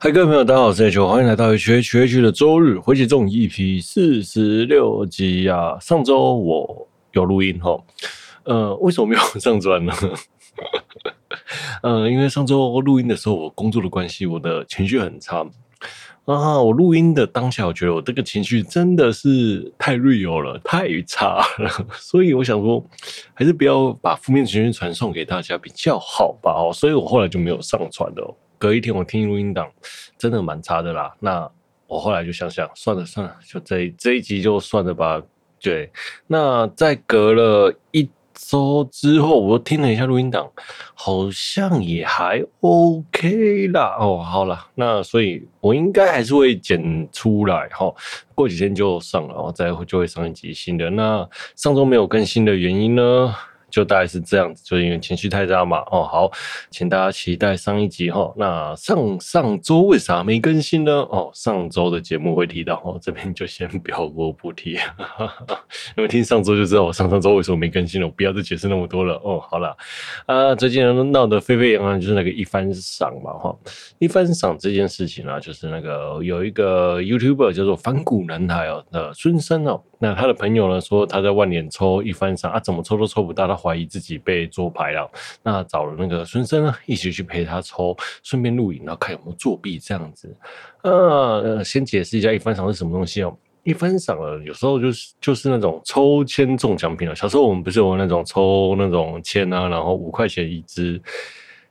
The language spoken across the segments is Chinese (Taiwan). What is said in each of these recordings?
嗨，各位朋友，大家好，我是 HHH，歡迎來到 HHH 的週日回血中 EP 四十六集啊！上週我有錄音哈，哦，呃，為什麼沒有上傳呢？ 呃，因為上周錄音的時候，我工作的關係，我的情緒很差啊。我錄音的當下，我覺得我這個情緒真的是太 real 了，太差了。所以我想說，還是不要把負面情緒傳送給大家比較好吧。哦，所以我後來就沒有上傳了，哦。隔一天我聽錄音檔，真的蠻差的啦。那我後來就想想，算了算了，算了就這這一集就算了吧。對，那在隔了一周之後，我又聽了一下錄音檔，好像也還 OK 啦。哦，好啦，那所以我應該還是會剪出來哈，過幾天就上了，再就會上一集新的。那上周沒有更新的原因呢？就大概是這樣子，就因為情緒太差嘛。哦，好，請大家期待上一集哈、哦。那上上周為啥沒更新呢？哦，上周的節目會提到，哦，這邊就先表過不提。因為聽上周就知道，我上上周為什麼沒更新了，我不要再解釋那麼多了。哦，好了，啊，最近鬧得沸沸揚揚，就是那個一番賞嘛，哈、哦，一番賞這件事情啊，就是那個有一個 YouTuber 叫做反骨男孩哦，那孫生哦，那他的朋友呢說他在萬年抽一番賞啊，怎麼抽都抽不到。懷疑自己被做牌了，那找了那個孫生呢一起去陪他抽，順便錄影，然後看有沒有作弊這樣子。呃，呃先解釋一下一番賞是什麼東西哦、喔，一番賞了，有時候就是就是那種抽籤中獎品了、喔。小時候我們不是有那種抽那種籤啊，然後五塊錢一支。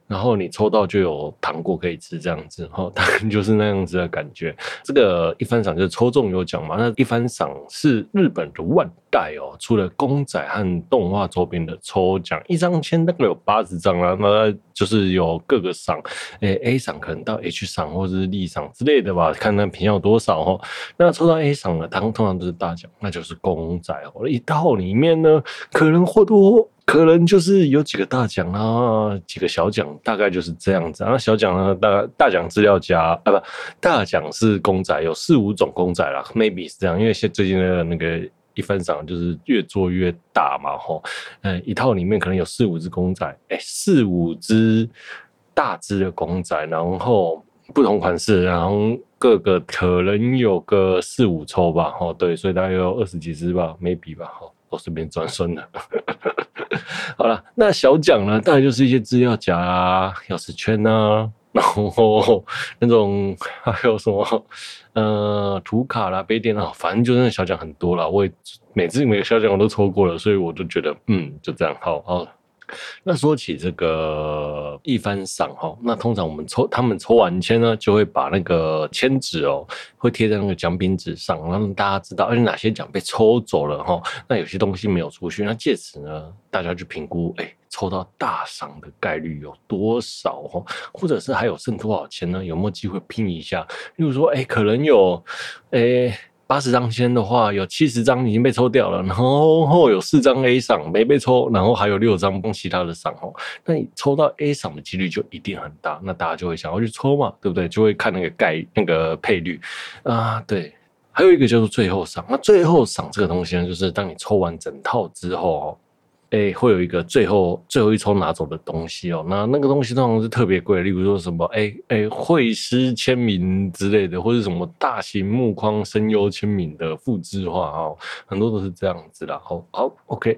然後你抽到就有糖果可以吃這樣子，吼，大概就是那樣子的感覺。這個一番賞就是抽中有獎嘛，那一番賞是日本的萬代哦，出了公仔和動畫周邊的抽獎，一張籤大概有八十張啦、啊，那。就是有各個賞，誒，A 賞可能到 H 賞或者是 D 賞之類的吧，看看品要多少哦。那抽到 A 賞的當通常都是大獎，那就是公仔哦。一套裡面呢，可能或多可能就是有幾個大獎啦，幾個小獎，大概就是這樣子。然後小獎呢，大大獎資料夾，啊，不，大獎是公仔，有四五種公仔啦，maybe 是這樣，that, 因為現最近的那個。一番賞就是越做越大嘛，吼，嗯，一套裡面可能有四五隻公仔，欸、四五隻大隻的公仔，然後不同款式，然後各個可能有個四五抽吧，吼，對，所以大概有二十幾隻吧，maybe 吧，我都順便轉身了。 好了，那小獎呢，當然就是一些資料夾啊、鑰匙圈啊。然後那種還有什麼，呃、圖卡啦、杯墊啦，反正就是小獎很多啦，我也每次每個小獎我都抽過了，所以我就覺得，嗯，就這樣，好好。那說起這個一番賞哈，那通常我們抽他們抽完簽呢，就會把那個簽紙哦，會貼在那個獎品紙上，讓大家知道，誒，哪些獎被抽走了哈。那有些東西沒有出去，那借此呢，大家去評估，哎、欸，抽到大賞的概率有多少哦，或者是還有剩多少錢呢？有沒有機會拼一下？比如說，哎、欸，可能有，哎、欸。八十張籤的話，有七十張已經被抽掉了，然後有四張 A 賞沒被抽，然後還有六張跟其他的賞哦。那你抽到 A 賞的幾率就一定很大，那大家就會想要去抽嘛，對不對？就會看那個概那個配率啊，對。還有一個就是最後賞，那最後賞這個東西呢，就是當你抽完整套之後哦。哎，會有一個最後最後一抽拿走的東西哦，那那個東西通常是特別貴，例如說什麼哎哎，繪師簽名之類的，或者什麼大型木框聲優簽名的複制畫哦。很多都是這樣子啦。哦好，好，OK，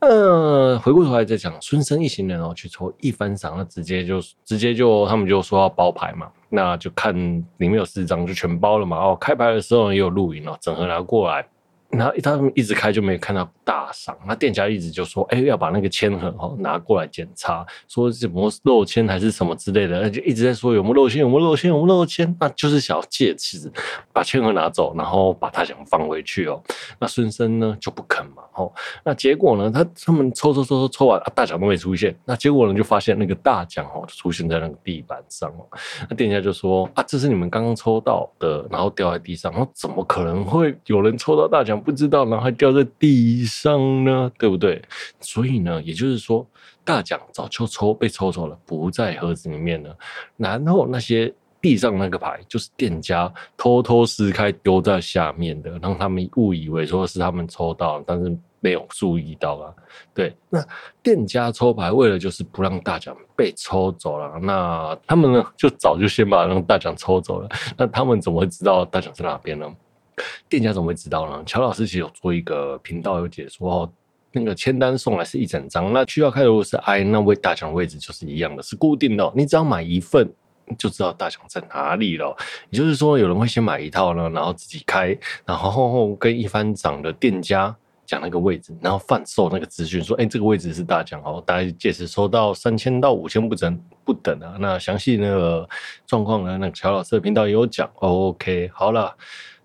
呃，回過頭來再講，孫生一行人哦去抽一番賞，那直接就直接就他們就說要包牌嘛，那就看裡面有四張就全包了嘛。哦，開牌的時候呢也有錄影哦，整合拿過來。那他們一直開，就沒有看到大賞，那店家一直就說：“哎、欸，要把那個籤盒哦拿過來檢查，說怎麼漏籤還是什麼之類的。”那就一直在說有沒有漏“有沒有漏籤，有沒有漏籤，有沒有漏籤，那就是想借此把籤盒拿走，然後把大獎放回去哦。那孫生呢就不肯嘛，哦，那結果呢，他他們抽抽抽抽抽完啊，大獎都沒出現，那結果呢就發現那個大獎哦出現在那個地板上哦。那店家就說：“啊，這是你們剛剛抽到的，然後掉在地上，然後怎麼可能會有人抽到大獎？”不知道，然後還掉在地上呢，對不對？所以呢，也就是說，大獎早就抽，被抽走了，不在盒子裡面了。然後那些地上那個牌，就是店家偷偷撕開丟在下面的，讓他們誤以為說是他們抽到，但是沒有注意到啊。對，那店家抽牌為了就是不讓大獎被抽走了，那他們呢，就早就先把那個大獎抽走了。那他們怎麼會知道大獎在哪邊呢？店家怎麼會知道呢？喬老師其實有做一個頻道有解說哦，那個簽單送來是一整張，那需要開，如果是 I，那位大獎的位置就是一樣的，是固定的。你只要買一份就知道大獎在哪裡了。也就是說，有人會先買一套呢，然後自己開，然後跟一番賞的店家講那個位置，然後販售那個資訊，說：“哎，這個位置是大獎哦，大概屆時收到三千到五千不等不等啊。”那詳細那個狀況呢？那喬老師的頻道也有講。OK，好了。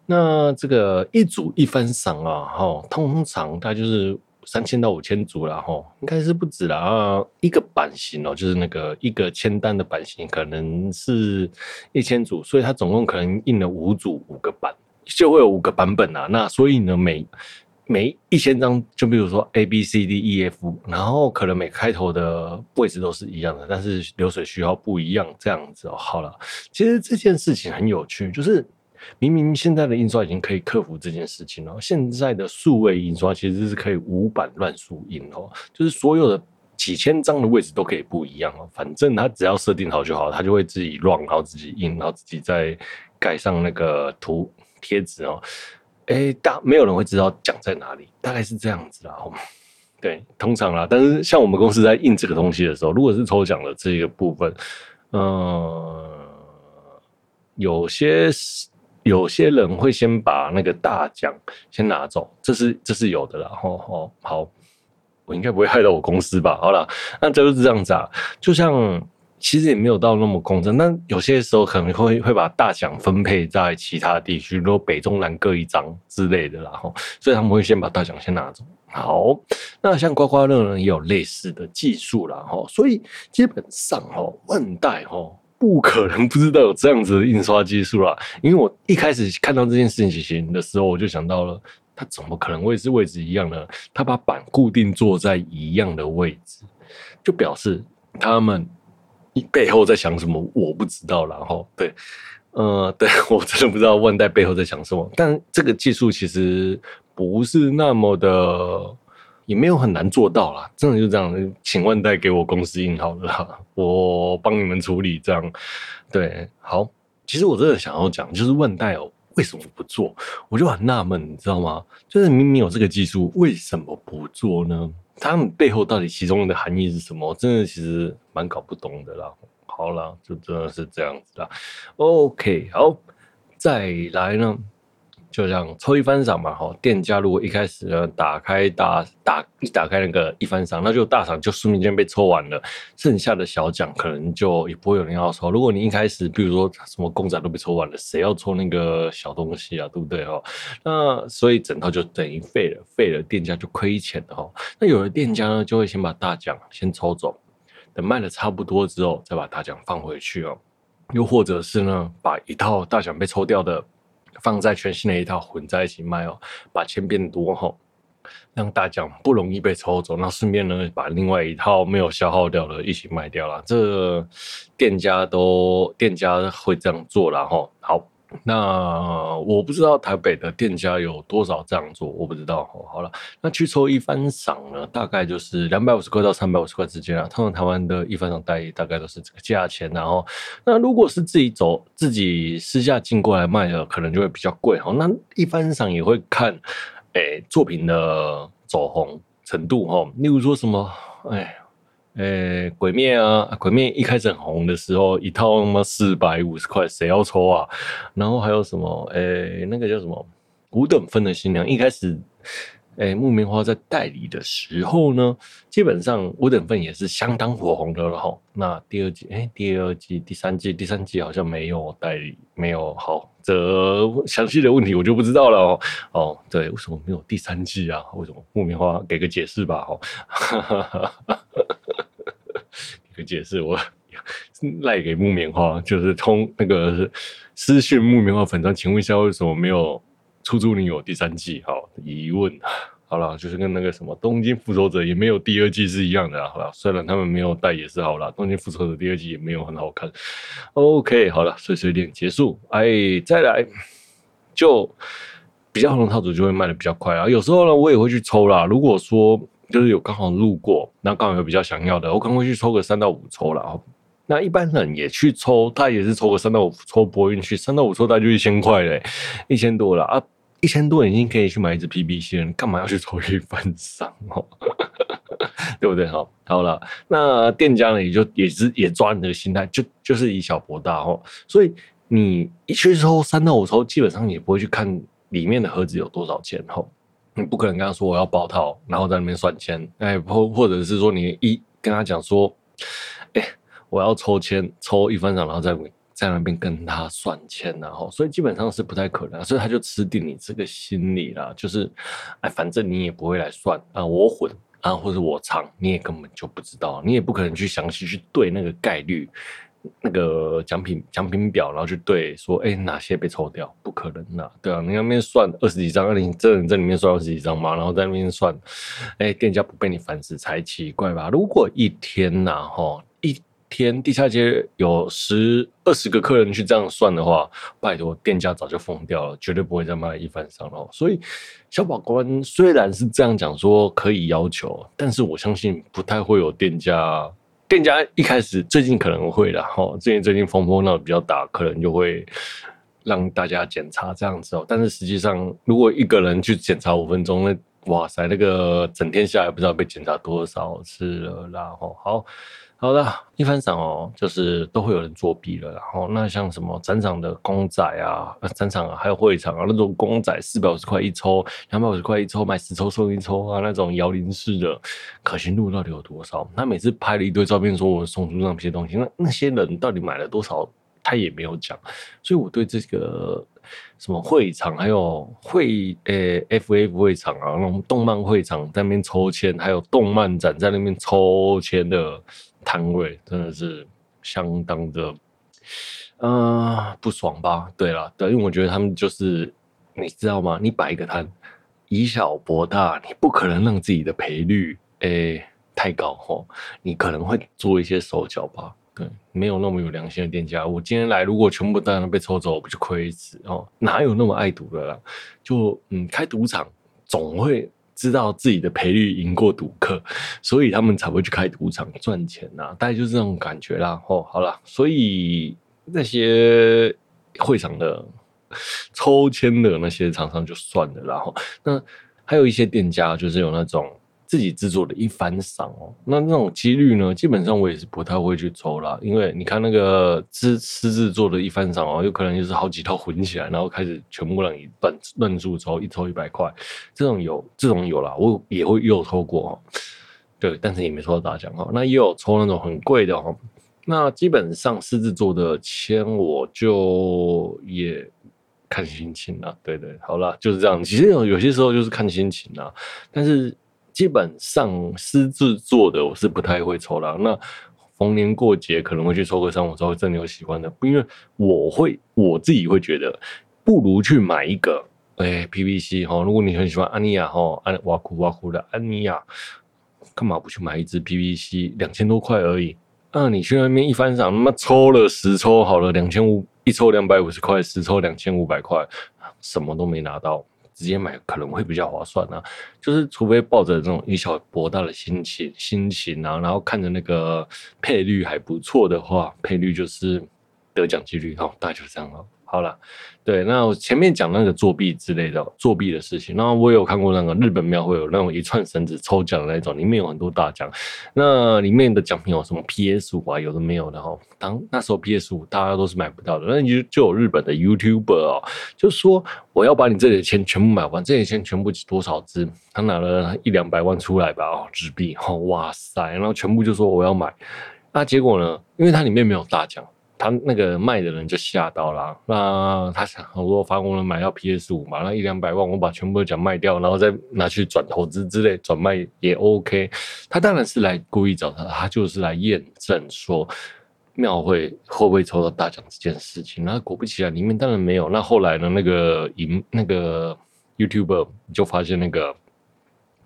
那這個一組一番賞啊，吼、哦，通常它就是三千到五千組啦，吼、哦，應該是不止了啊。一個版型哦，就是那個一個簽單的版型，可能是一千組，所以它總共可能印了五組，五個版就會有五個版本啊。那所以呢，每每一千張，就比如說 A B C D E F，然後可能每開頭的位置都是一樣的，但是流水需要不一樣，這樣子。哦、好了，其實這件事情很有趣，就是。明明現在的印刷已經可以克服這件事情了。現在的數位印刷其實是可以無版亂數印哦，就是所有的幾千張的位置都可以不一樣哦，反正它只要設定好就好，它就會自己亂，然後自己印，然後自己再蓋上那個圖貼紙哦。誒，大沒有人會知道獎在哪裡，大概是這樣子啦。 對，通常啦。但是像我們公司在印這個東西的時候，如果是抽獎的這一個部分，嗯、呃，有些是。有些人會先把那個大獎先拿走，這是這是有的啦。吼、哦、吼，好，我應該不會害到我公司吧？好啦，那就是這樣子啊。就像其實也沒有到那麼公正，那有些時候可能會會把大獎分配在其他地區，比如北中南各一張之類的。然後，所以他們會先把大獎先拿走。好，那像刮刮樂呢，也有類似的技術啦。吼，所以基本上吼、哦，萬代吼、哦。不可能不知道有這樣子的印刷技術啦，因為我一開始看到這件事情的時候，我就想到了，他怎麼可能位置位置一樣呢？他把板固定坐在一樣的位置，就表示他們背後在想什麼，我不知道，然後，對，呃，對，我真的不知道萬代背後在想什麼，但這個技術其實不是那麼的。也沒有很難做到啦，真的就這樣。請萬代給我公司印好了啦，我幫你們處理這樣。對，好，其實我真的想要講，就是萬代哦、喔，為什麼不做，我就很納悶，你知道嗎？就是明明有這個技術，為什麼不做呢？他們背後到底其中的含義是什麼？我真的其實蠻搞不懂的啦。好啦，就真的是這樣子啦。OK，好，再來呢。就像抽一番賞嘛，吼，店家如果一開始呢，打開打打一打開那個一番賞，那就大獎就瞬間被抽完了，剩下的小獎可能就也不會有人要抽。如果你一開始比如說什麼公仔都被抽完了，誰要抽那個小東西啊，對不對哦？那所以整套就等於廢了，廢了，店家就虧錢了哈。那有的店家呢就會先把大獎先抽走，等賣了差不多之後再把大獎放回去哦。又或者是呢把一套大獎被抽掉的放在全新的一套混在一起賣哦，把錢變多哈，讓大獎不容易被抽走，那順便呢，把另外一套沒有消耗掉的一起賣掉了，這店家都，店家會這樣做了哈。好。那我不知道台北的店家有多少這樣做，我不知道好了，那去抽一番賞呢，大概就是兩百五十塊到三百五十塊之間啊。他們台灣的一番賞待遇大概都是這個價錢，啊，然後那如果是自己走自己私下進過來賣的，可能就會比較貴哦。那一番賞也會看誒、欸、作品的走紅程度哦，例如說什麼哎。唉誒，鬼滅啊！鬼滅一開始很紅的時候，一套他媽四百五十塊，誰要抽啊？然後還有什麼？誒，那個叫什麼？五等分的新娘一開始，誒，木棉花在代理的時候呢，基本上五等分也是相當火紅的了哈。那第二季，誒，第二季、第三季、第三季好像沒有代理，沒有，好，這詳細的問題我就不知道了哦。哦，對，為什麼沒有第三季啊？為什麼木棉花給個解釋吧？哦、哈，哈。哈哈一個解釋，我賴給木棉花，就是通那個私訊木棉花粉專，請問一下為什麼沒有出租女友第三季？好疑問。好了，就是跟那個什麼東京復仇者也沒有第二季是一樣的啊，好了，雖然他們沒有帶也是好了，東京復仇者第二季也沒有很好看。OK，好了，碎碎念結束。哎，再來就比較紅的套組就會賣得比較快啊。有時候呢，我也會去抽啦。如果說。就是有剛好路過，那剛好有比較想要的，我趕快去抽個三到五抽了啊。那一般人也去抽，他也是抽個三到五抽，博運氣三到五抽他就一千塊嘞，一千多了啊，一千多已經可以去買一只 PVC 了，你幹嘛要去抽一番賞哦？ 對不對？好，好了，那店家呢也就也是也抓你的心態，就就是以小博大哦。所以你一去抽三到五抽，基本上也不會去看裡面的盒子有多少錢哦。你不可能跟他說我要包套，然後在那邊算錢或、哎、或者是說你一跟他講說，誒、哎、我要抽籤，抽一番賞，然後再在，在那邊跟他算錢然、啊、後，所以基本上是不太可能，所以他就吃定你這個心理了，就是，哎，反正你也不會來算，啊，我混，啊或者我藏，你也根本就不知道、啊，你也不可能去詳細去對那個概率。那個獎品獎品表，然後去對說，哎、欸，哪些被抽掉？不可能的、啊，對啊，你要面算二十幾張，那你真人在這裡面算二十幾張嘛？然後在面算，哎、欸，店家不被你煩死才奇怪吧？如果一天吶，齁，一天地下街有十、二十個客人去這樣算的話，拜托店家早就瘋掉了，絕對不會再賣一番賞嘍。所以消保官雖然是這樣講說可以要求，但是我相信不太會有店家。店家一開始最近可能會的哈，最近最近風波鬧得比較大，可能就會讓大家檢查這樣子哦。但是實際上，如果一個人去檢查五分鐘，那哇塞，那個整天下來不知道被檢查多少次了啦，然後好。好的，一番賞哦，就是都會有人作弊了。然後那像什麼展場的公仔啊，啊展場、啊、還有會場啊，那種公仔四百五十塊一抽，兩百五十塊一抽，買十抽送一抽啊，那種搖鈴式的可信度到底有多少？他每次拍了一堆照片，說我送出那麼些東西，那那些人到底買了多少？他也沒有講，所以我對這個什麼會場還有會誒 FF 會場啊，那種動漫會場在那邊抽籤，還有動漫展在那邊抽籤的。攤位真的是相當的，嗯、呃，不爽吧？對啦，對，因為我覺得他們就是，你知道嗎？你擺一個攤，以小博大，你不可能讓自己的賠率誒、欸、太高哦，你可能會做一些手腳吧？對，沒有那麼有良心的店家。我今天來，如果全部單都被抽走，我不就虧一次哦。哪有那麼愛賭的啦？就嗯，開賭場總會知道自己的賠率贏過賭客，所以他們才會去開賭場賺錢吶、啊，大概就是這種感覺啦。哦，好啦，所以那些會場的抽籤的那些廠商就算了，然後那還有一些店家就是有那種。自己製作的一番賞哦，那那種幾率呢？基本上我也是不太會去抽啦，因為你看那個獅獅子座的一番賞哦，有可能就是好幾套混起來，然後開始全部讓你亂亂數抽，一抽一百塊，這種有這種有啦，我也會又抽過哦。對，但是也沒抽到大獎哦。那也有抽那種很貴的哦。那基本上獅子座的籤我就也看心情啦。對對，對，好啦，就是這樣。其實有有些時候就是看心情啦，但是。基本上私自做的我是不太會抽了。那逢年過節可能會去抽個三五抽，真的有喜歡的。因為我會我自己會覺得，不如去買一個哎 PVC 哈、哦。如果你很喜歡安妮亞哈，安、啊啊啊、哇酷哇酷的安妮亞，幹、啊啊、嘛不去買一隻 PVC？兩千多塊而已。那、啊、你去外面一番賞，那抽了十抽好了，兩千五，一抽兩百五十塊，十抽兩千五百塊，什麼都沒拿到。直接買可能會比較划算呢，啊，就是除非抱着這種以小博大的心情心情然後，啊，然後看着那個賠率還不錯的話，賠率，就是得獎幾率哦，大概就這樣了。好了，對，那我前面講那個作弊之類的作弊的事情，那我有看過那個日本廟會有那種一串繩子抽獎的那種，裡面有很多大獎，那裡面的獎品有什麼 PS5 啊，有的沒有的，哦，然後當那時候 PS5 大家都是買不到的，那就就有日本的 YouTuber 啊，哦，就說我要把你這裡的錢全部買完，這些錢全部多少支，他拿了一兩百萬出來吧，哦，紙幣，哦，哇塞，然後全部就說我要買，那結果呢，因為它裡面沒有大獎。他那個賣的人就嚇到了、啊，那他想，如果發工人買到 PS 5嘛，那一兩百萬，我把全部的獎賣掉，然後再拿去轉投資之類，轉賣也 OK。他當然是來故意找他，他就是來驗證說廟會會不會抽到大獎這件事情。那果不其然，裡面當然沒有。那後來呢，那個銀那個 YouTuber 就發現那個。.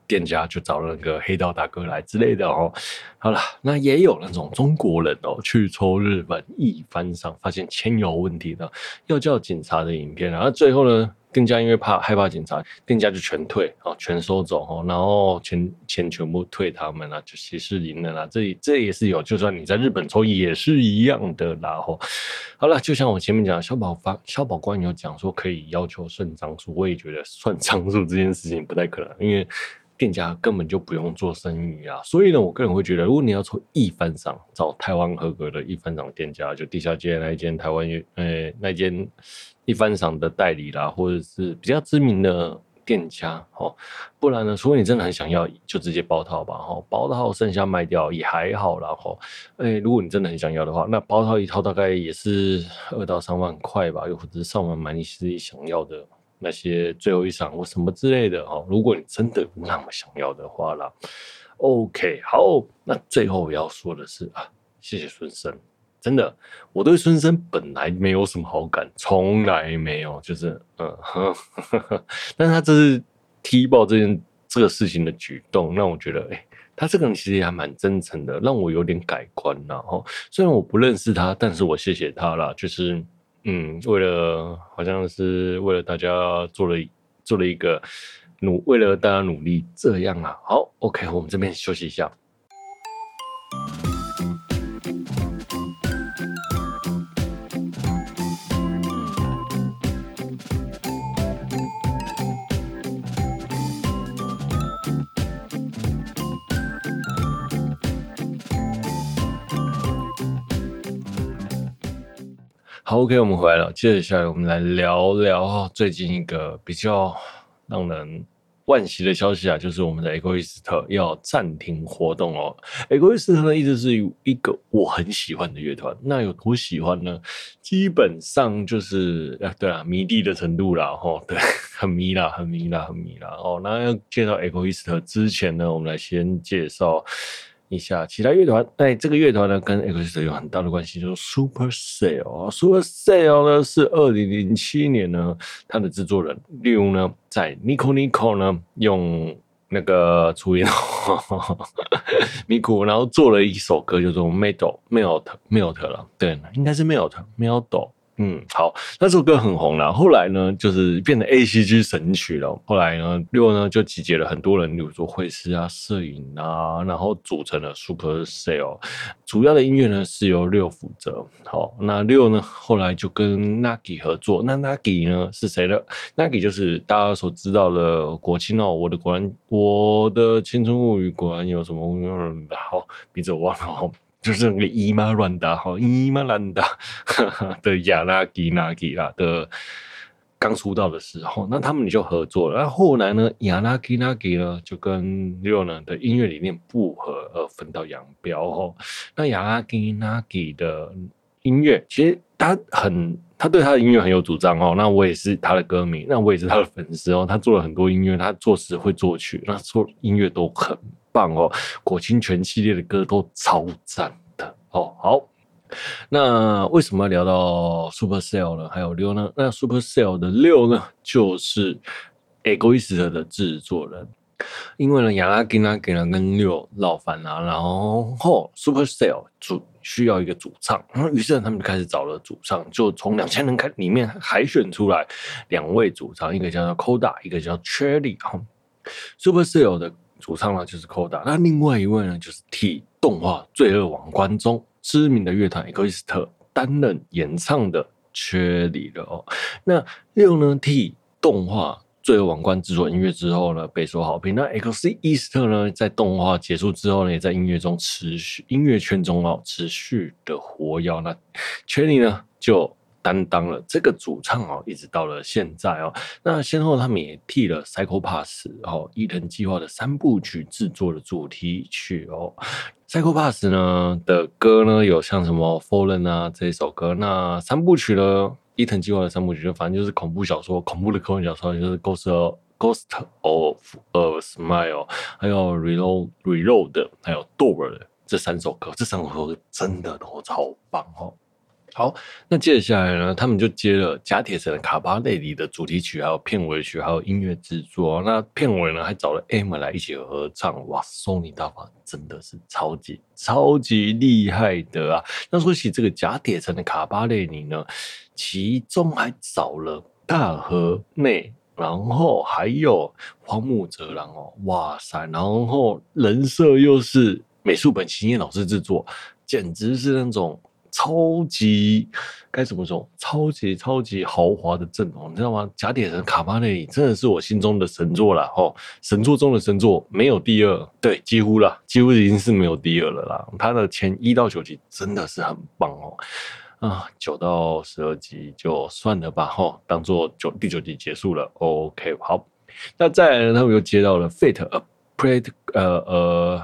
店家就找了那個黑道大哥來之類的哦。好了，那也有那種中國人哦，去抽日本一番賞，發現錢有問題的，要叫警察的影片然後、啊、而最後呢，店家因為怕害怕警察，店家就全退啊，全收走哦，然後錢錢全，全部退他們了、啊，就息事贏了啦。這裡這也是有，就算你在日本抽也是一樣的啦。哦，好了，就像我前面講，消保法消保官有講說可以要求算張數，我也覺得算張數這件事情不太可能，因為。店家根本就不用做生意啊，所以呢，我個人會覺得，如果你要從一番賞找台灣合格的一番賞店家，就地下街那一間台灣呃，誒、欸、那間一,一番賞的代理啦，或者是比較知名的店家，吼，不然呢，除非你真的很想要，就直接包套吧，吼，包套剩下賣掉也還好啦，吼，哎、欸，如果你真的很想要的話，那包套一套大概也是二到三萬塊吧，又或者是上萬買你自己想要的。那些最後一場我什麼之類的哦，如果你真的那麼想要的話啦，OK，好，那最後要說的是啊，謝謝孫生，真的我對孫生本來沒有什麼好感，從來沒有，就是嗯，呵呵。但他這是踢爆這件這個事情的舉動，讓我覺得誒、欸，他這個人其實也還蠻真誠的，讓我有點改觀啦。哈、哦。雖然我不認識他，但是我謝謝他啦，就是。嗯，為了好像是為了大家做了做了一個努，為了大家努力這樣啊。好，OK，我們這邊休息一下。OK，我們回來了。接着下來，我們來聊聊最近一個比較讓人惋惜的消息啊，就是我們的 EGOIST 要暫停活動哦。EGOIST 呢，一直是有一個我很喜歡的樂團，那有多喜歡呢？基本上就是，啊對啊迷弟的程度啦，哦、對，很迷啦，很迷啦，很迷啦,啦。哦，那要介紹 EGOIST 之前呢，我們來先介紹。一下其他樂團，哎，這個樂團呢跟 EGOIST 有很大的關係，就是 supercell。supercell 呢是二零零七年呢，他的製作人 ryo 呢在 Nico Nico 呢用那個初音，哈哈哈，Miku 然後做了一首歌叫做 Melt Melt Melt 了，對，應該是 Melt Melt。嗯，好，那這首歌很紅啦。後來呢，就是變成 A C G 神曲了。後來呢，六呢就集結了很多人，比如說繪師啊、攝影啊，然後組成了 Supercell。主要的音樂呢是由六負責。好，那六呢後來就跟 Nagi 合作。那 Nagi 呢是誰呢？Nagi 就是大家所知道的果青哦、喔。我的果然，我的青春物語果然有什麼好名字我忘了。就是那個伊馬蘭達哈伊馬蘭達的亞拉基納給啦的，剛出道的時候，那他們就合作了。那後來呢，亞拉基納給呢就跟 Ryo 呢的音樂理念不合，而分道揚鑣。那亞拉基納給的音樂其實。他很，他對他的音樂很有主張哦。那我也是他的歌迷，那我也是他的粉絲哦。他做了很多音樂，他作詞會作曲，那做音樂都很棒哦。果清泉系列的歌都超讚的哦。好，那為什麼要聊到 Supercell 呢？還有 ryo 呢？那 Supercell 的 ryo 呢，就是 EGOIST 的制作人。因為呢，亞拉金他給了跟 ryo 鬧翻了，然後、哦、Supercell 主。需要一個主唱，那於是他們就開始找了主唱，就從兩千人開裡面海選出來兩位主唱，一個叫做 Koda，一個叫 Cherry 哈。Supercell 的主唱呢就是 Koda，那另外一位呢就是替動畫《罪惡王冠》中知名的樂團 EGOIST 擔任演唱的 Cherry 了哦。那六呢替動畫。對王冠製作音樂之後呢，備受好評。那 EGOIST 呢，在動畫結束之後呢，也在音樂中持續，音樂圈中哦，持續的活躍。那 chelly 呢，就擔當了這個主唱哦，一直到了現在哦。那先後他們也替了 Psycho-Pass 哦，伊藤計劃的三部曲製作的主題曲哦。Psycho-Pass 呢的歌呢，有像什麼 Fallen 啊這一首歌。那三部曲呢？伊藤計劃的三部曲，就反正就是恐怖小說、恐怖的科幻小說，就是《Ghost》，《Ghost of a、uh, Smile》，還有《Reload》，《Reload》的，還有《Door》的這三首歌，這三首歌真的都超棒哦。好，那接下來呢，他們就接了甲鐵城的卡巴內里的主題曲，還有片尾曲，還有音樂製作、啊。那片尾呢，還找了 M 來一起合唱。哇，索尼大法真的是超級超級厲害的啊！那說起這個甲鐵城的卡巴內里呢，其中還找了大河內，然後還有荒木哲郎哦，哇塞！然後人設又是美樹本晴彥老師製作，簡直是那種。超級該怎麼說？超級超級豪華的陣容，你知道嗎？《甲鐵城》卡巴內里真的是我心中的神作啦。哦，神作中的神作，沒有第二、嗯，對，幾乎啦，幾乎已經是沒有第二了啦。它的前一到九集真的是很棒哦，啊、呃，九到十二集就算了吧，吼、哦，當做九第九集結束了。OK，好，那再來呢，他們又接到了《Fate 呃 Apocrypha 呃呃。Played, 呃呃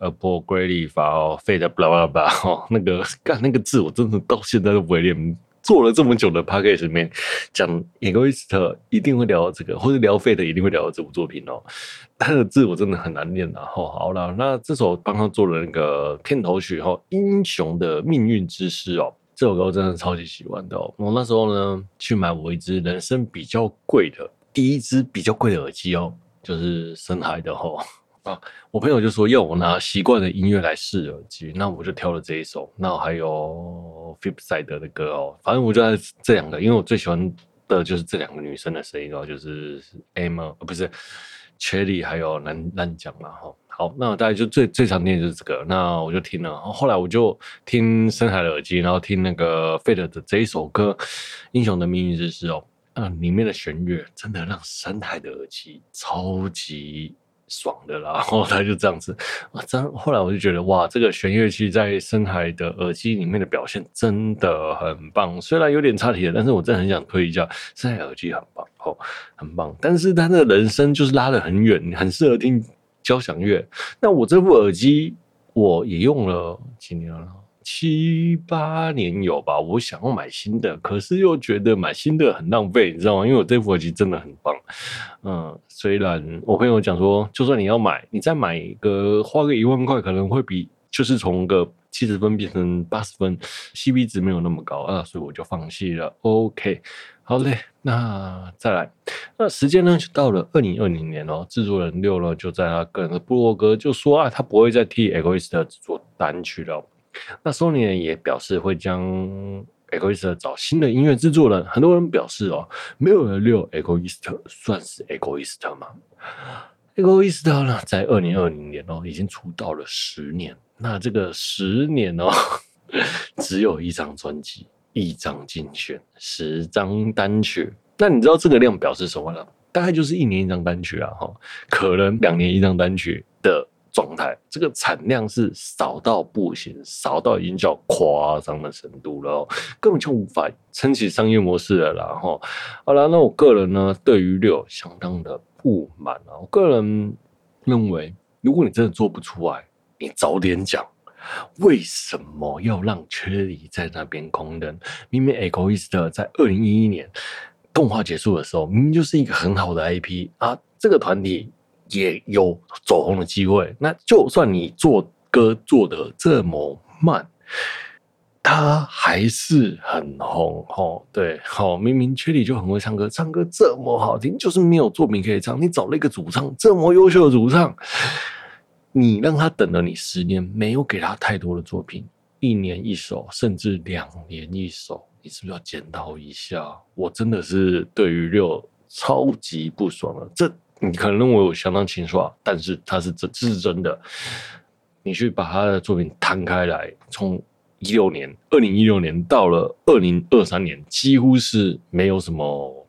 呃，Apocrypha 哦，Fate 的 blah blah blah 哈、哦，那個幹那個字我真的到現在都不會念。做了這麼久的 podcast 裡面講 EGOIST 一定會聊這個，或者聊 Fate 的一定會聊到這部作品哦，他的字我真的很難念，然後好了，那這首幫他做了那個片頭曲哈、哦，《英雄的命運之詩》哦，這首歌我真的超級喜歡的哦。我那時候呢去買我一支人生比較貴的第一支比較貴的耳機哦，就是深海的哈、哦。啊，我朋友就說要我拿習慣的音樂來試耳機，那我就挑了這一首。那還有 fripSide 的歌哦，反正我就愛這兩個，因為我最喜歡的就是這兩個女生的聲音哦，就是 Emma、呃、不是 chelly，還有男男講然後、哦、好，那我大概就最最常聽就是這個，那我就聽了。後來我就聽深海的耳機，然後聽那個費德的這一首歌《英雄的命運之詩》哦，那、呃、裡面的弦樂真的讓深海的耳機超級。爽的啦，然後他就這樣子，啊、這樣，後來我就覺得哇，這個弦樂器在森海的耳機裡面的表現真的很棒，雖然有點岔題，但是我真的很想推一下森海耳機很棒，哦，很棒，但是他的人聲就是拉得很遠，很適合聽交響樂。那我這部耳機我也用了幾年了。七八年有吧，我想要買新的，可是又覺得買新的很浪費，你知道嗎？因為我這副耳機真的很棒，嗯，雖然我朋友講說，就算你要買，你再買一個花個一萬塊，可能會比就是從個七十分變成八十分，CP 值沒有那麼高啊，所以我就放棄了。OK，好嘞，那再來，那時間呢就到了二零二零年哦，制作人六呢就在他個人的部落格就說啊，他不會再替 EGOIST 做單曲了。那 Sony 也表示會將 EGOIST 找新的音樂製作人。很多人表示哦，沒有了六 EGOIST 算是 EGOIST 嗎？EGOIST 呢，在二零二零年哦，已經出道了十年。那這個十年哦，只有一張專輯，一張精選，十張單曲。那你知道這個量表示什麼呢？大概就是一年一張單曲啊，哈，可能兩年一張單曲的。狀態，這個產量是少到不行，少到已經叫誇張的程度了，根本就無法撐起商業模式了哈。好、啊、了，那我個人呢，對於 ryo 相當的不滿啊。我個人認為，如果你真的做不出來，你早點講，為什麼要讓 chelly 在那邊空等？明明 EGOIST 在二零一一年動畫結束的時候，明明就是一個很好的 IP 啊，這個團體。也有走紅的機會。那就算你做歌做得這麼慢，他還是很紅哦。對，好、哦，明明 chelly 就很會唱歌，唱歌這麼好聽，就是沒有作品可以唱。你找了一個主唱這麼優秀的主唱，你讓他等了你十年，沒有給他太多的作品，一年一首，甚至兩年一首，你是不是要檢討一下？我真的是對於 ryo 超級不爽了。這。你可能認為我相當輕率啊，但是他是這是真的。你去把他的作品攤開來，從一六年，二零一六年到了二零二三年，幾乎是沒有什麼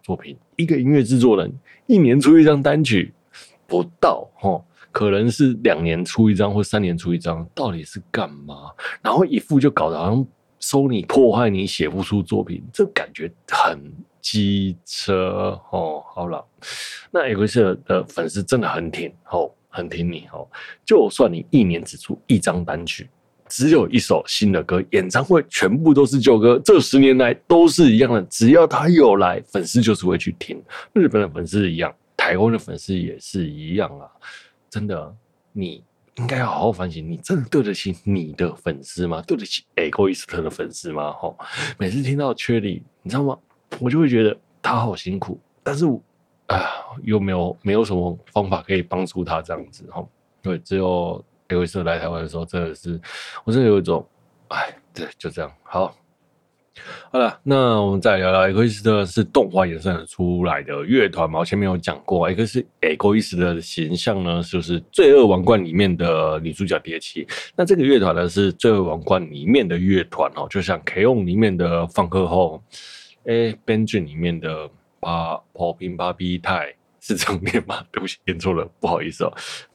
作品。一個音樂制作人一年出一張單曲不到，哦，可能是兩年出一張或三年出一張，到底是幹嘛？然後一副就搞得好像。收你破壞你寫不出作品，這感覺很機車哦。好了，那 EGOIST 的粉絲真的很挺哦，很挺你哦。就算你一年只出一張單曲，只有一首新的歌，演唱會全部都是舊歌，這十年來都是一樣的。只要他有來，粉絲就是會去聽。日本的粉絲一樣，台灣的粉絲也是一樣啊！真的，你。應該要好好反省，你真的對得起你的粉絲嗎？對得起 EGOIST 的粉絲嗎？齁，每次聽到缺裡你知道嗎？我就會覺得他好辛苦，但是我啊，又沒有沒有什麼方法可以幫助他這樣子，齁。對，只有 EGOIST 來台灣的時候，真的是，我真的有一種，哎，對，就這樣，好。好了，那我們再聊聊 EGOIST 的，是動畫延伸出來的樂團嘛？我前面有講過，一、欸、EGOIST 的形象呢，就是《罪惡王冠》裡面的女主角楪祈。那這個樂團呢，是《罪惡王冠》裡面的樂團哦，就像《K-ON》裡面的放課後，哎、欸、BanG Dream 裡面的 Poppin'Party 是成年嗎？對不起，演錯了，不好意思哦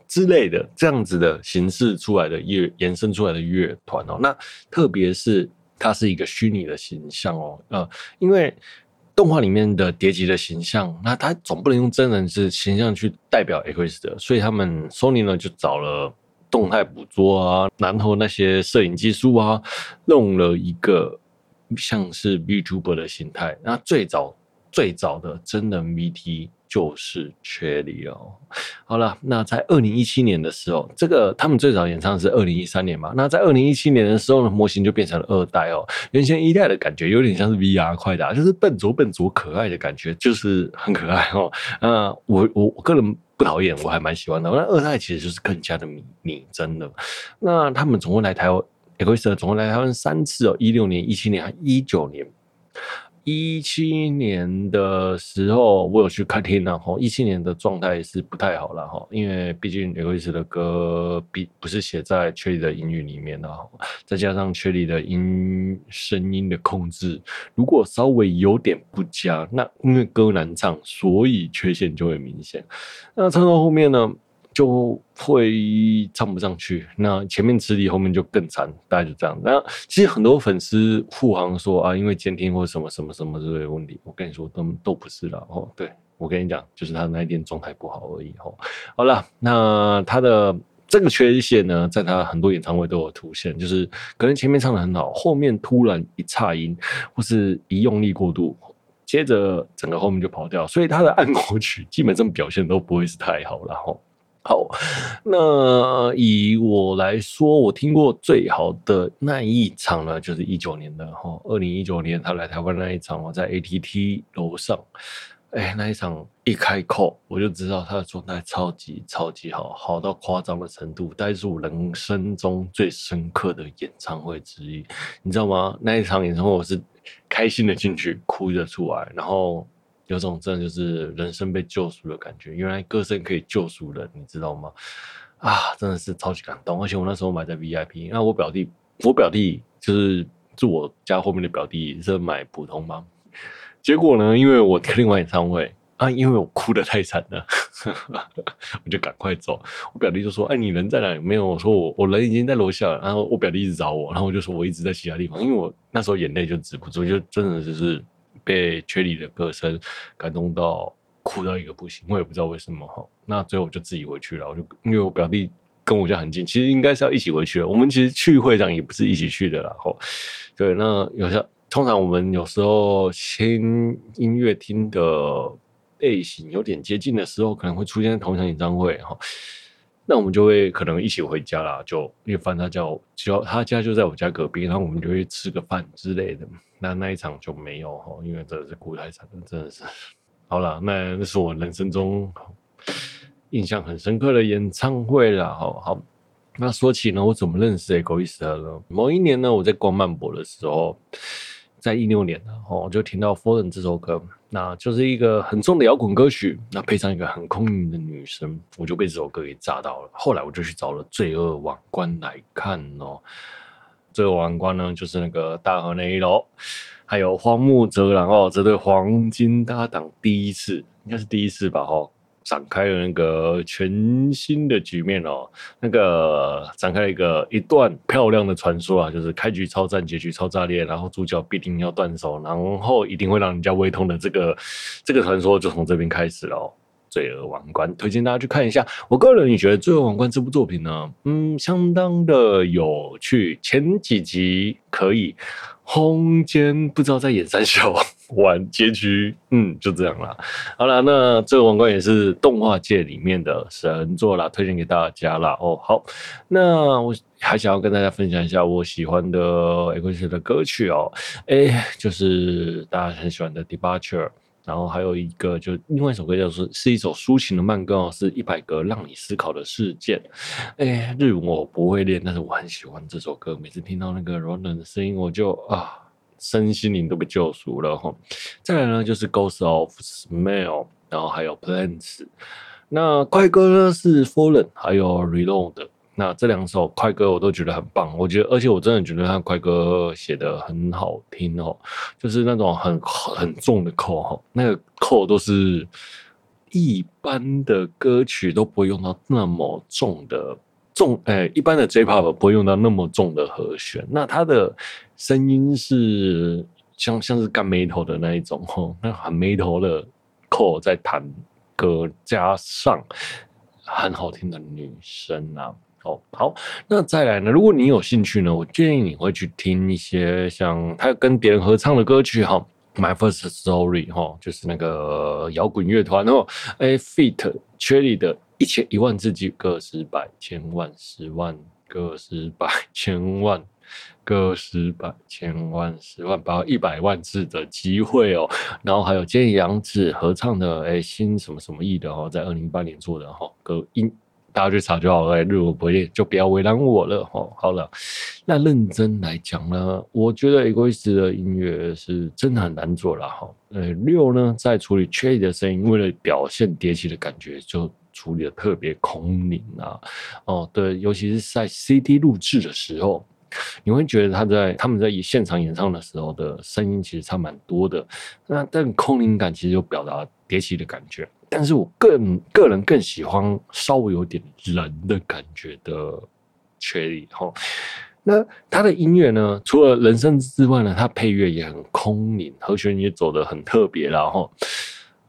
之類的這樣子的形式出來的樂延伸出來的樂團哦，那特別是。它是一個虛擬的形象哦，呃，因為動畫裡面的楪祈的形象，那它總不能用真人是形象去代表 EGOIST 的，所以他們 Sony 呢就找了動態捕捉啊，然後那些攝影技術啊，弄了一個像是 VTuber 的形態。那最早最早的真人 VT。就是缺理哦。好了，那在二零一七年的時候，這個他們最早演唱的是二零一三年嘛。那在二零一七年的時候呢，模型就變成了二代哦。原先一代的感覺有點像是 VR 快打、啊，就是笨拙笨拙、可愛的感覺，就是很可愛哦。那、呃、我我我個人不討厭，我還蠻喜歡的。那二代其實就是更加的擬、擬真的。那他們總共來台灣，EGOIST 總共來台灣三次哦：一六年、一七年、一九年。一七年的時候，我有去看天吶吼，一七年的狀態是不太好了哈，因為畢竟劉威馳的歌比不是寫在確立的音域裡面的，啊，再加上確立的音聲音的控制，如果稍微有點不佳，那因為歌難唱，所以缺陷就會明顯。那唱到後面呢？就會唱不上去，那前面吃力，後面就更慘，大概就這樣。那其實很多粉絲護航說啊，因為監聽或什麼什麼什麼之類問題，我跟你說都都不是了哦。對，我跟你講，就是他那一點狀態不好而已哦。好了，那他的這個缺陷呢，在他很多演唱會都有出現，就是可能前面唱得很好，後面突然一差音，或是一用力過度，接着整個後面就跑掉，所以他的安可曲基本上表現都不會是太好，然後。好，那以我來說，我聽過最好的那一場呢，就是一九年的齁，二零一九年他來台灣那一場，我在 ATT 樓上，哎、欸，那一場一開口，我就知道他的狀態超級超級好，好到誇張的程度，但是我人生中最深刻的演唱會之一，你知道嗎？那一場演唱會我是開心的進去，哭着出來，然後。有種真的就是人生被救贖的感覺，原來歌聲可以救贖人，你知道嗎？啊，真的是超級感動！而且我那時候買的 VIP，那我表弟，我表弟就是住我家後面的表弟是買普通房。結果呢，因為我另外演唱會，啊，因為我哭得太慘了， 我就趕快走。我表弟就說：“哎、啊，你人在哪裡？”沒有，我說我我人已經在樓下了。然後我表弟一直找我，然後我就說我一直在其他地方，因為我那時候眼淚就止不住，就真的就是。被 chelly 的歌聲感動到哭到一個不行，我也不知道為什麼。那最後我就自己回去了，我就因為我表弟跟我家很近，其實應該是要一起回去的。我們其實去會長也不是一起去的，然後、哦、對，那有時候通常我們有時候聽音樂聽的類型有點接近的時候，可能會出現在同場演唱會、哦那我們就會可能一起回家啦，就因為他家，就他家就在我家隔壁，然後我們就會吃個飯之類的。那那一場就沒有哈，因為真的是哭太慘了，真的是。好了，那那是我人生中印象很深刻的演唱會了。好好，那說起呢，我怎麼認識 EGOIST 呢？某一年呢，我在逛漫博的時候，在一六年呢，哦，我就聽到《Fallen》這首歌。那就是一個很重的搖滾歌曲，那配上一個很空靈的女聲，我就被這首歌給炸到了。後來我就去找了《罪惡王冠》來看哦，《罪惡王冠》呢就是那個大河內一樓，還有荒木哲郎哦，這對黃金搭檔第一次，應該是第一次吧、哦？哈。展開了那個全新的局面哦、喔，那個展開了一個一段漂亮的傳說啊，就是開局超讚，結局超炸裂，然後主角必定要斷手，然後一定會讓人家胃痛的這個這個傳說就從這邊開始了哦。罪惡王冠，推薦大家去看一下。我個人也覺得罪惡王冠這部作品呢，嗯，相當的有趣。前幾集可以，空間不知道在演三小，玩結局，嗯，就這樣啦。好啦，那罪惡王冠也是動畫界裡面的神作啦，推薦給大家啦。哦、oh，好，那我還想要跟大家分享一下我喜歡的 EGOIST 的歌曲哦、喔，哎、欸，就是大家很喜歡的 Departure。然後還有一個，就另外一首歌叫做，是一首抒情的慢歌哦，是一百個讓你思考的事件。哎，日文我不會練，但是我很喜歡這首歌，每次聽到那個 Runner 的聲音，我就啊，身心靈都被救贖了吼，再來呢，就是 Ghost of Smile，然後還有 Plants。那快歌呢是 Fallen，還有 Reload。那這兩首快歌我都覺得很棒，我覺得，而且我真的覺得他快歌寫的很好聽哦，就是那種很很重的扣吼、哦，那個扣都是一般的歌曲都不會用到那麼重的重，哎、欸，一般的 J pop 不會用到那麼重的和弦。那他的聲音是像像是幹 metal 的那一種吼、哦，那個、很 metal 的扣在彈歌，加上很好聽的女聲啊。哦、oh，好，那再來呢？如果你有興趣呢，我建議你會去聽一些像他跟別人合唱的歌曲哈、oh，My First Story 哈、oh，就是那個搖滾樂團哦，誒 feat. chelly 的一千一萬字級個十百千萬，十萬，個十百千萬，個十百千萬，十萬，八一百萬次的機會哦。然後還有建議楊紫合唱的哎、欸，新什麼什麼意的哈，oh, 在二零一八年做的哈、oh, 歌音。大家去查就好了，如果不會就不要為難我了哈。好了，那認真來講呢，我覺得 EGOIST 的音樂是真的很難做了哈。呃，六呢在處理 chelly 的聲音，為了表現跌起的感覺，就處理的特別空靈啊。哦，對，尤其是在 C D 錄製的時候，你會覺得他在他們在現場演唱的時候的聲音其實差蠻多的。那但空靈感其實就表達。疊起的感覺，但是我更個人更喜歡稍微有點人的感覺的旋律哈。那他的音樂呢，除了人聲之外呢，他配樂也很空靈，和弦也走得很特別。然後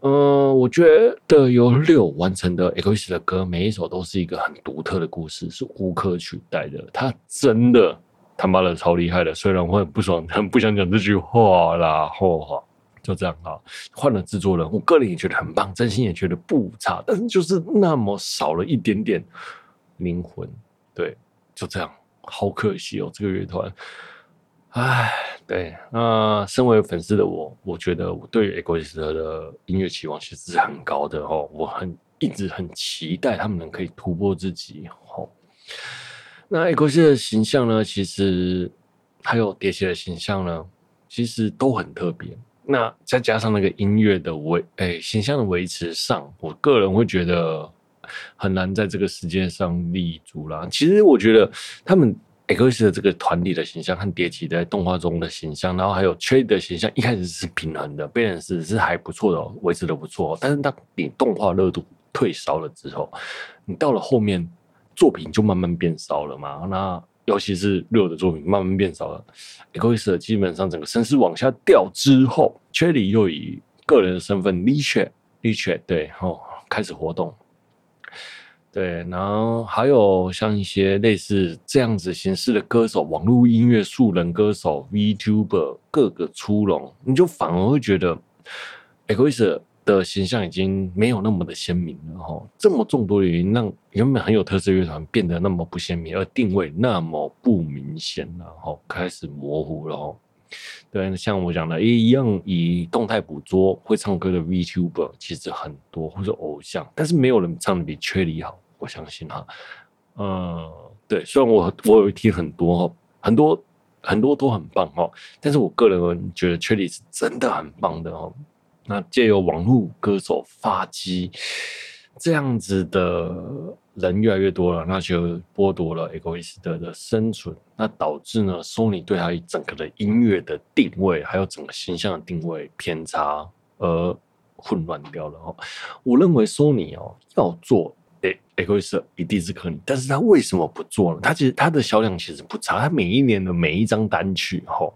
嗯，我覺得由六完成的 EGOIST 的歌，每一首都是一個很獨特的故事，是無可取代的。他真的他媽的超厲害的，雖然我很不爽，很不想講這句話了，吼哈。就這樣啊，換了制作人，我個人也覺得很棒，真心也覺得不差，但是就是那麼少了一點點靈魂，對，就這樣，好可惜哦，這個樂團，唉，對，那、呃、身為粉絲的我，我覺得我對 EGOIST 的音樂期望其實是很高的哦，我很一直很期待他們能可以突破自己哦。那 EGOIST 的形象呢，其實還有楪祈的形象呢，其實都很特別。那再加上那個音樂的維誒、哎、形象的維持上，我個人會覺得很難在這個世界上立足啦。其實我覺得他們 EGOIST 的這個團體的形象和疊起在動畫中的形象，然後還有 trade 的形象，一開始是平衡的，變成是是還不錯的，維持的不錯，哦。但是當你動畫熱度退燒了之後，你到了後面作品就慢慢變燒了嘛，那尤其是 Ryo 的作品慢慢變少了，EGOIST 基本上整個聲勢往下掉之後，chelly 又以個人的身份，Lichie Lichie 對哦開始活動，對，然後還有像一些類似這樣子形式的歌手，網絡音樂素人歌手，VTuber 各個出籠，你就反而會覺得 EGOIST 的形象已經沒有那麼的鮮明了哈，這麼眾多原因讓原本很有特色樂團變得那麼不鮮明，而定位那麼不明顯了哈，開始模糊了哈。對，像我講的，一樣以動態捕捉會唱歌的 Vtuber 其實很多，或者偶像，但是沒有人唱的比 chelly 好，我相信哈。嗯、呃，對，雖然我我有聽很多哈，很多很多都很棒哦，但是我個人覺得 chelly 是真的很棒的哦。那借由網絡歌手發跡，這樣子的人越來越多了，那就剝奪了 EGOIST 的生存，那導致呢，Sony 對他整個的音樂的定位，還有整個形象的定位偏差而混亂掉了。哦。我認為 Sony 哦要做 A EGOIST 一定是可以，但是他為什麼不做呢？他其實他的銷量其實不差，他每一年的每一張單曲，哈。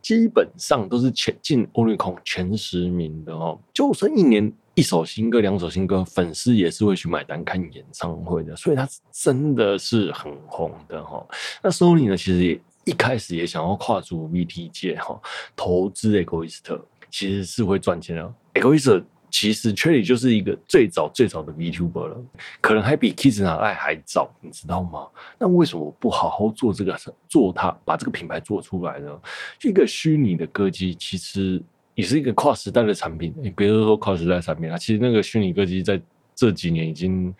基本上都是前進 Oricon 前十名的哦，就算一年一首新歌、兩首新歌，粉絲也是會去買單看演唱會的，所以他真的是很紅的哦。那 Sony 呢，其實也一開始也想要跨出 VT 界哈，投資的 EGOIST 其實是會賺錢的，EGOIST 其實 t r 就是一個最早最早的 VTuber 了，可能還比 Kizuna 愛還早，你知道嗎？那為什麼不好好做這個做它，把這個品牌做出來呢？就一個虛擬的歌姬，其實也是一個跨時代的產品。你別說說跨時代產品啊。其實那個虛擬歌姬在這幾年已經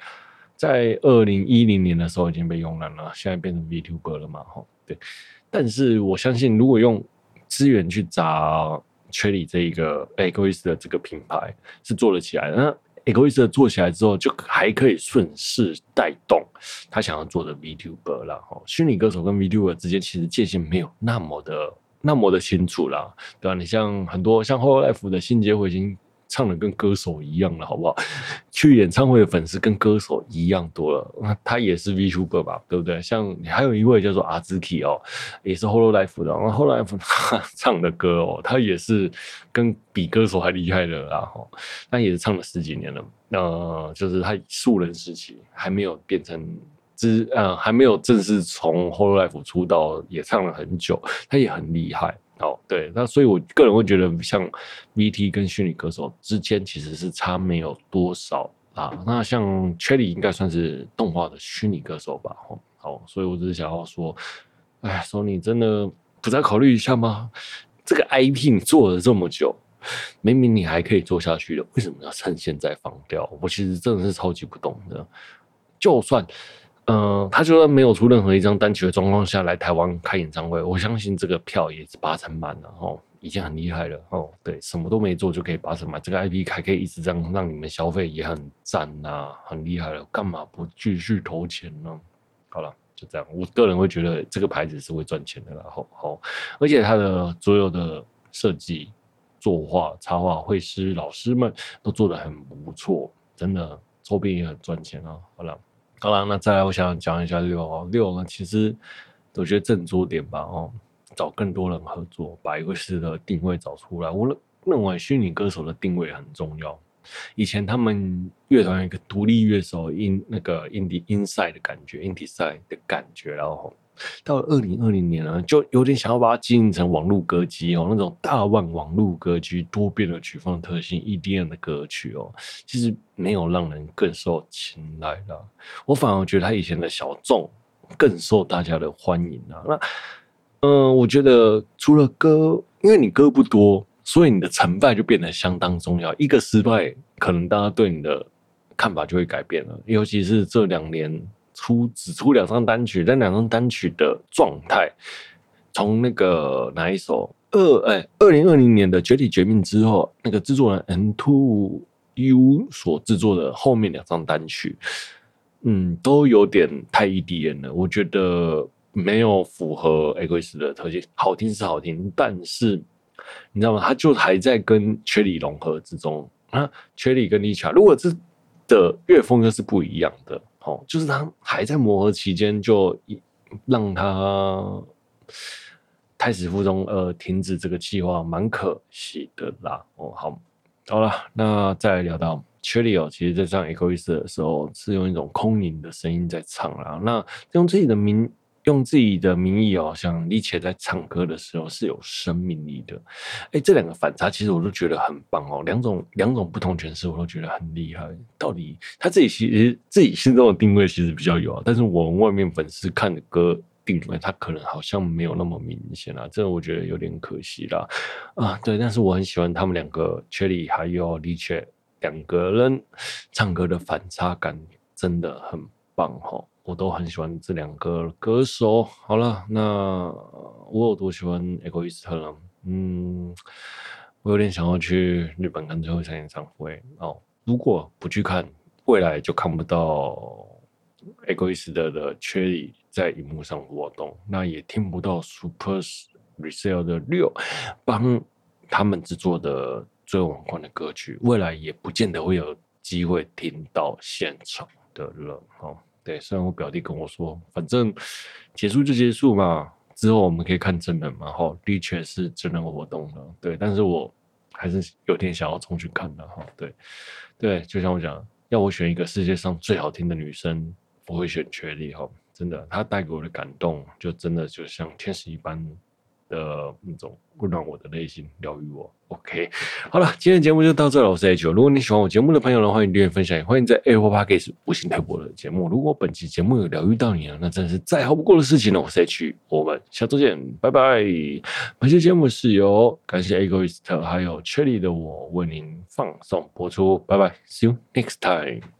在二零一零年的時候已經被用爛了，現在變成 VTuber 了嘛？哈，對。但是我相信，如果用資源去砸。確立這一個 EGOIST 的這個品牌是做了起來的，那 EGOIST 做起來之後，就還可以順勢帶動他想要做的 Vtuber，然後哈。虛擬歌手跟 Vtuber 之間其實界限沒有那麼的那麼的清楚啦，對吧、啊？你像很多像 hololive 的新傑，我已經。唱的跟歌手一樣了，好不好？去演唱會的粉絲跟歌手一樣多了。他也是 Vtuber 吧，對不對？像還有一位叫做 AZKi 哦，也是 hololive 的。hololive 唱的歌哦，他也是跟比歌手還厲害的啊！哈，那也是唱了十幾年了。呃，就是他素人時期還沒有變成，只是，呃還沒有正式從 hololive 出道，也唱了很久，他也很厲害。哦，對，那所以我個人會覺得，像 VT 跟虛擬歌手之間其實是差沒有多少啊。那像 Cherry 應該算是動畫的虛擬歌手吧？吼、哦，好，所以我只是想要說，哎，索尼真的不再考慮一下嗎？這個 IP 你做了這麼久，明明你還可以做下去的，為什麼要趁現在放掉？我其實真的是超級不懂的。就算。嗯、呃，他就算沒有出任何一張單曲的狀況下來台灣開演唱會，我相信這個票也是八成滿了哦，已經很厲害了哦。對，什麼都沒做就可以八成滿，這個 IP 還可以一直這樣讓你們消費，也很讚吶、啊，很厲害了。干嘛不繼續投錢呢？好了，就這樣。我個人會覺得這個牌子是會賺錢的啦，然後好，而且他的所有的設計、作畫、插畫會、繪師老師們都做得很不錯，真的周邊也很賺錢啊。好了。當然，那再來，我想講一下 Ryo 哦，Ryo 呢，其實我覺得正做點吧哦，找更多人合作，把一個事的定位找出來。我認為虛擬歌手的定位很重要。以前他們樂團有一個獨立樂手，in 那個 indie indie 賽的感覺，indie 賽的感覺，然後。到了二零二零年呢，啊，就有點想要把它經營成網絡歌姬哦，那種大腕網絡歌姬、多變的曲風特性，EDM 的歌曲哦，其實沒有讓人更受青睞的，啊。我反而覺得他以前的小眾更受大家的歡迎啊。那嗯、呃，我覺得除了歌，因為你歌不多，所以你的成敗就變得相當重要。一個失敗，可能大家對你的看法就會改變了。尤其是這兩年。出只出兩張單曲，但兩張單曲的狀態，從那個哪一首二哎二零二零年的《絕體絕命》之後，那個制作人 N Two U 所製作的後面兩張單曲，嗯，都有點太 EDM 了，我覺得沒有符合 EGOIST 的特性。好聽是好聽，但是你知道嗎？他就還在跟 Chelly 融合之中啊。Chelly 跟麗莎，如果是的樂風又是不一樣的。哦，就是他還在磨合期間，就讓他胎死腹中，呃、停止這個計劃，蠻可惜的啦。哦，好，好了，那再來聊到 Cherio，其實在上《Echoes》的時候是用一種空靈的聲音在唱了，那用自己的名。用自己的名義哦，像李杰在唱歌的時候是有生命力的，哎、欸，這兩個反差其實我都覺得很棒哦，兩種兩種不同詮釋我都覺得很厲害。到底他自己其實自己心中的定位其實比較有，但是我外面粉絲看的歌定位，他可能好像沒有那麼明顯啊，這我覺得有點可惜啦，啊，對，但是我很喜歡他們兩個，Cherry 還有李杰兩個人唱歌的反差感真的很棒哦。我都很喜歡這兩個歌手。好了，那我有多喜歡 EGOIST 呢？嗯，我有點想要去日本看最後一場演唱會哦。如果不去看，未來就看不到 EGOIST 的 chelly 在熒幕上活動，那也聽不到 supercell 的 ryo 幫他們制作的最網關的歌曲。未來也不見得會有機會聽到現場的了哦。對，雖然我表弟跟我說，反正結束就結束嘛，之後我們可以看真人嘛，哈，的確是真人活動的，對，但是我還是有點想要重去看的，哈，對，對，就像我講，要我選一個世界上最好聽的女生，我會選雪莉，哈，真的，她帶給我的感動，就真的就像天使一般。的那種溫暖我的內心，療癒我。OK，好了，今天的節目就到這裡了。我是 H，如果你喜歡我節目的朋友呢，歡迎留言分享，歡迎在 A r 八 cast 微信推播的節目。如果本期節目有療癒到你呢，那真是再好不過的事情了。我是 H，我們下周見，拜拜。本期節目是由感謝 EGOIST 還有 Cherry 的我為您放送播出，拜拜，See you next time。